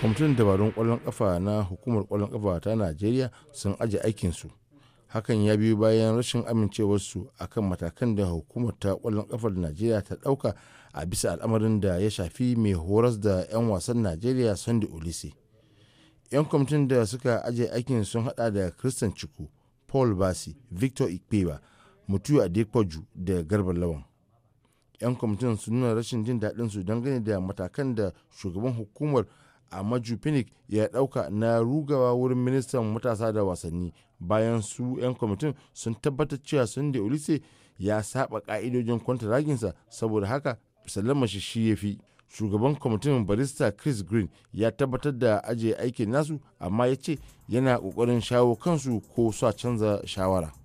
kwamitin dabarun kwallon kafa na hukumar kwallon kafa ta najeriya sun aje aikinsu hakan ya biyu bayan rashin amincewarsu akan matakan da hukumar ta kwallon kafar najeriya ta dauka a bisa al'amarin da ya shafi mai horas da 'yan wasan najeriya sunday olise 'yan kwamitin da suka aje aikin sun hada da christian ciku paul basi victor ikpeba mutu adepoju da garba lawan 'yan kwamitin sun nuna rashin jin daɗinsu dangane da matakan da shugaban hukumar maju jupinic ya dauka na rugawa wurin ministan matasa da wasanni bayan su 'yan kwamitin sun tabbatar cewa sunday olise ya saba ka'idojin raginsa saboda haka salama shi shi ya fi shugaban kwamitin barista chris green ya tabbatar da ajiye aikin nasu amma ya ce yana kokarin shawo kansu ko sa canza shawara